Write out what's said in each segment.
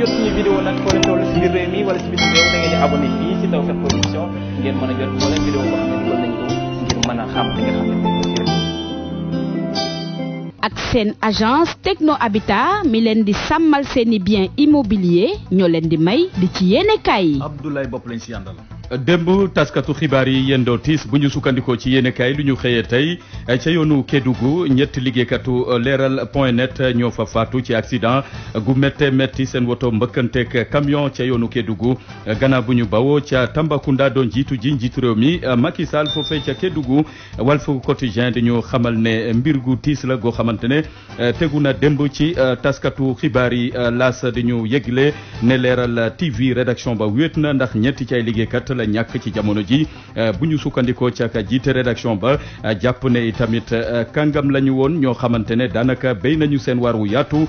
ak seen agence Techno Habitat mi leen di sammal seen i bien immobilier ñoo leen di may di ci yéene kaay yi Abdoulaye Bopp lañ si yàndal démb taskatu xibaar yi yendoo tiis bu ñu sukkandikoo ci yéenekaay lu ñu xëyee tey ca yoonu Kédougou ñetti liggéeykatu leeral point net ñoo fa faatu ci accident gu métte métti seen woto mbëkkanteeg camion ca yoonu Kédougou gannaaw bu ñu bawoo ca Tambacounda doon jiitu ji njiitu réew mi Macky Sall foofee ca Kédougou Walf Quotidien dañu xamal ne mbirgu gu tiis la goo xamante ne tegu na démb ci taskatu xibaar yi laas dañu yëgle ne leeral TV rédaction ba wéet na ndax ñetti ci ay liggéeykat la ñàkk ci jamono ji euh, bu ñu sukkandikoo ca ka jiite rédaction ba euh, jàpp ne itamit euh, kàngam la ñu woon ñoo xamante ne daanaka béy nañu seen waar wu yaatu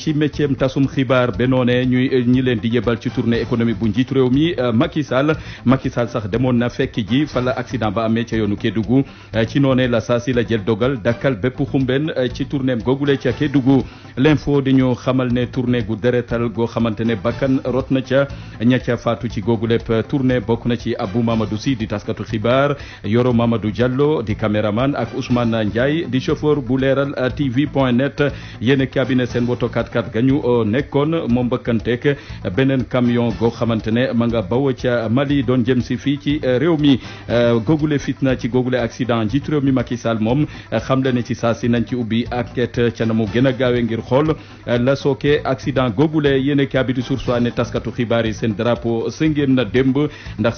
ci métier tasum xibaar ba noonee ñu ñi leen di yebal ci tournée économique bu njiitu réew mi Macky Sall Macky Sall sax demoon na fekk ji fa la ba amee ca yoonu Kédougou ci noonee la saa la jël dogal dakkal bépp xumbeen ci tournée am googule ca Kédougou l'info di ñu xamal ne tournée gu deretal goo xamante ne bakkan rot na ci Abou Mamadou Sy di taskatu xibaar Yoro Mamadou Diallo di caméraman ak Ousmane Ndiaye di chauffeur bu leeral TV point net yéen kaabine seen woto 4 kat 4 ga ñu euh, nekkoon moom mbëkkanteeg beneen camion goo xamante ne ma nga baw ca Mali doon jëm si fii ci euh, réew mi euh, googule fitna ci googule accident njiit réew mi Macky Sall moom xam le ne ci saa si nañ ci ubbi ak enquête ca na mu gën a gaawe ngir xool la sooke accident googule yéen cabinet sur soi ne taskatu xibaar yi seen drapeau sëngéem na démb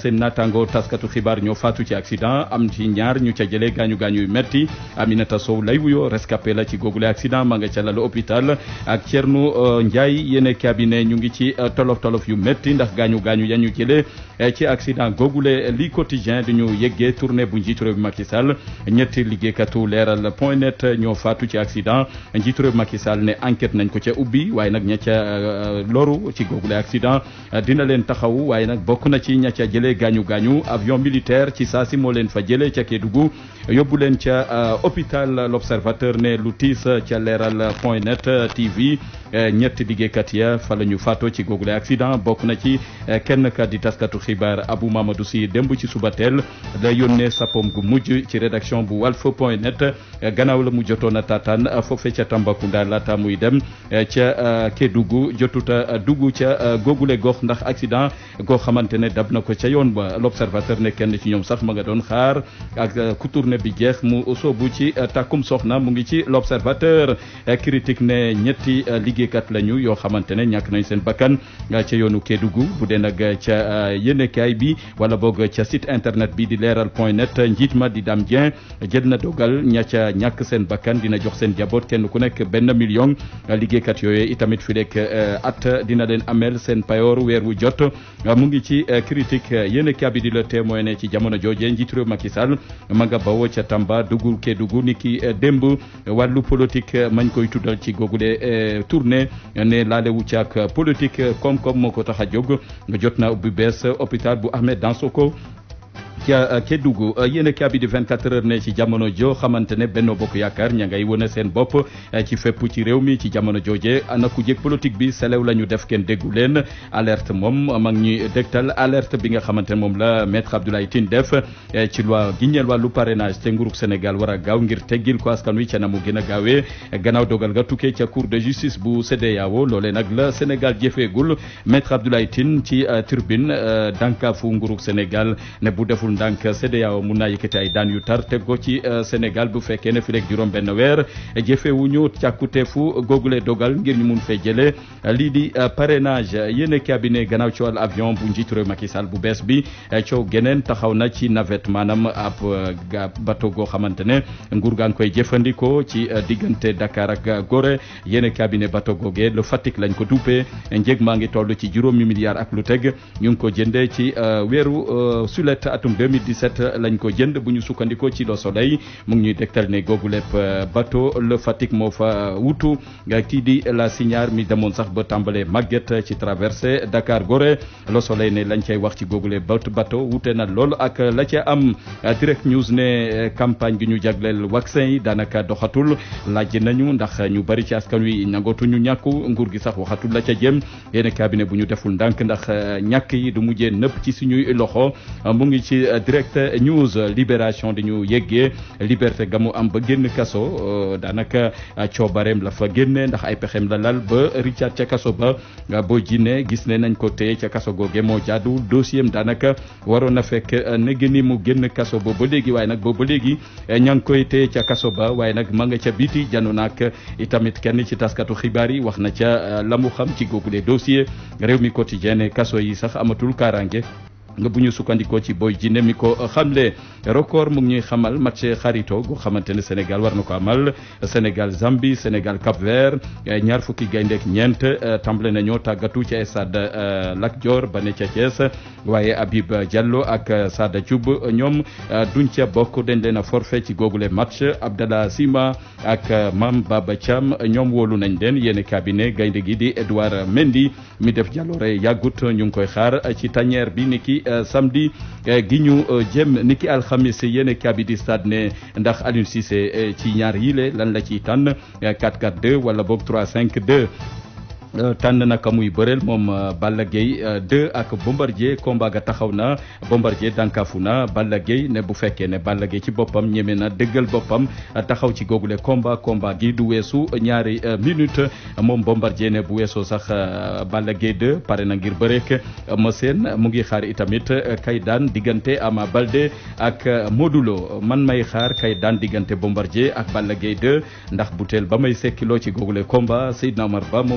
seen naataango taskatu xibaar ñoo faatu ci accident am ci ñaar ñu ca jëlee gaañu gaañu yu metti Aminata Sow lay wuyoo rescapé la ci googule accident ma nga ca lalu hôpital ak Thierno euh, Ndiaye yéen cabinet ñu ngi ci euh, tolof tolof yu metti ndax gaañu gaañu ya ñu jëlee euh, ci accident googule li quotidien di ñu yeggee tournée bu njiitu réew bi Macky Sall ñetti liggéeykatu leeral point net ñoo faatu ci accident njiitu réew Macky Sall ne enquete nañ ko ca ubbi waaye nag ña ca loru ci googule accident dina leen taxaw amee gaañu gaañu avion militaire ci saa si moo leen fa jëlee ca Kédougou yóbbu leen ca euh, hôpital l'Observateur ne lu tiis ca leeral point net euh, TV. Eh, ñetti liggéeykat ya fa la ñu faatoo ci googule accident bokk na ci eh, kenn ka di taskatu xibaar Abou Mamadou Sy démb ci suba teel la yónnee sapom gu mujj ci rédaction bu walf point net eh, gannaaw la mu jotoon a taataan foofe ca Tambacounda laata muy dem ca ke Kédougou jotuta dugg ca googule gox ndax accident goo xamante ne dab na ko ca yoon ba l'observateur ne kenn ci ñoom sax ma nga doon xaar ak ku bi jeex mu soobu ci takkum soxna mu ngi ci l'observateur critique liggéeykat lañu yoo xamante ne ñàkk nañ seen bakkan ah, ca yoonu Kédougou bu dee nag ah, ca ah, yéenekaay bi wala boog ca site internet bi di leeral point net njiit ma di Dame Dieng jël na dogal ña ca ñàkk seen bakkan dina jox seen jaboot kenn ku nekk benn million liggéeykat yooyu itamit fi rek at dina leen amel seen payoor weer wu jot mu ngi ci critique yéenekaay bi di la témoin ne ci jamono jooje njiitu réew Macky Sall ma nga bawoo ca Tamba dugg Kédougou niki démb wàllu politique mañ koy tuddal ci googule eh, tournée ne ne laalewu ci ak politique koom-koom moo ko tax a jóg jot na ubbi bees hôpital bu Ahmed Dansoko ca euh, Kédougou euh, yéen a bi di 24 heures ne ci jamono jo xamante ne Benno Bokk Yaakaar ña ngay wane seen bopp euh, ci fépp ci réew mi ci jamono jooje ana ku jég bi selew la ñu def kenn déggu leen alerte moom mag ñi dégtal alerte bi nga xamante ne moom la maître Abdoulaye Tine def ci loi gi ñeel wàllu parrainage te nguurug Sénégal war a gaaw ngir teggil ko askan wi ca na mu gën a gaawee gannaaw dogal ga tukkee ca cour de justice bu CEDEAO loolee nag la Sénégal jëfeegul maître Abdoulaye Tine ci turbine dànkaafu nguurug Sénégal ne bu deful deful ndànk CEDEAO mun naa yëkkati ay daan yu tar teg ko ci Sénégal bu fekkee ne fi juróom benn weer jëfewuñu càkkuteefu googule dogal ngir ñu mun fe jëlee lii di parrainage yéen cabinet gannaaw ci wàllu avion bu njiitu réew Macky Sall bu bees bi geneen taxaw na ci navette maanaam ab bato goo xamante ne nguur gaa ngi koy jëfandikoo ci diggante Dakar ak Gorée yéen cabinet bateau googee le Fatick lañ ko duppee njëg maa ngi toll ci juróomi milliards ak lu teg ñu ngi ko jëndee ci weeru sulet atum 2017 lañ ko jënd bu ñu sukkandikoo ci Le Soleil mu ngi ñuy dégtal ne googu lépp euh, bateau le Fatick moo fa wutu euh, kii di la signaar mi demoon sax ba tàmbalee Maguette ci traversée Dakar gore Le Soleil ne lañ cay wax ci googu lépp bateau wute na lool ak la ca am euh, direct news ne campagne gi ñu jagleel vaccin yi daanaka doxatul laaj nañu ndax ñu bari ci askan wi nangootuñu ñàkku nguur gi sax waxatul la ca jëm yéen cabinet bu ñu deful ndànk ndax ñàkk yi du mujjee nëpp ci suñuy loxo mu direct news libération di ñu yëggee liberté ga mu am ba génn kaso euh, daanaka coobareem la fa génne ndax ay pexeem la lal ba Richard ca kaso ba boo jinne gis ne nañ ko téye ca kaso googe moo jaadu dossier daanaka waroon na fekk euh, nege ni mu génn kaso ba ba léegi waaye nag ba ba léegi euh, ña ngi koy téye ca kaso ba waaye nag ma nga ca biti janu naak itamit kenn ci taskatu xibaar yi wax na ca la mu xam ci googu les dossier rew mi quotidien kasso yi sax amatul kaaraange nga bu ñu sukkandikoo ci Boy Djiné mi ko xamle record mu ngi ñuy xamal match xarito goo xamante ne Sénégal war na ko amal Sénégal Zambie Sénégal Cap Vert ñaar fukki gaynde ak ñeent tàmbale nañoo tàggatu ca stade euh, Lat Dior ba ne ca Thiès waaye Habib Diallo ak Sada Thioub ñoom duñ ca bokk dañ leen a ci googule match Abdallah Sima ak Mame Baba cam ñoom wóolu nañ leen yéen cabinet gaynde gi di Edouard Mendy mi def jàlloore yàggut ñu ngi koy xaar ci tanière bi niki ci euh, samedi euh, gi ñu euh, jëm niki alxamis yéen kabi di stade ne ndax Aliou Cissé ci ñaar yile lan la ciy tànn 4-4-2 wala boog 3-5-2. Euh, tànn naka muy bëreel moom euh, Balla Gaye 2 euh, ak Bombardier combat ga taxaw na Bombardier dankafu na Balla Gaye ne bu fekkee ne Balla Gaye ci boppam ñeme na dëggal boppam taxaw ci googule combat combat gi du weesu ñaari minute moom Bombardier ne bu weesoo sax Balla Gaye 2 pare na ngir bëreek ma mu ngi xaar itamit kay daan diggante Ama Balde ak Modou man may xaar kay daan diggante Bombardier ak Balla Gaye 2 ndax butéel ba may sekkiloo ci googule combat Seydina Omar Ba moo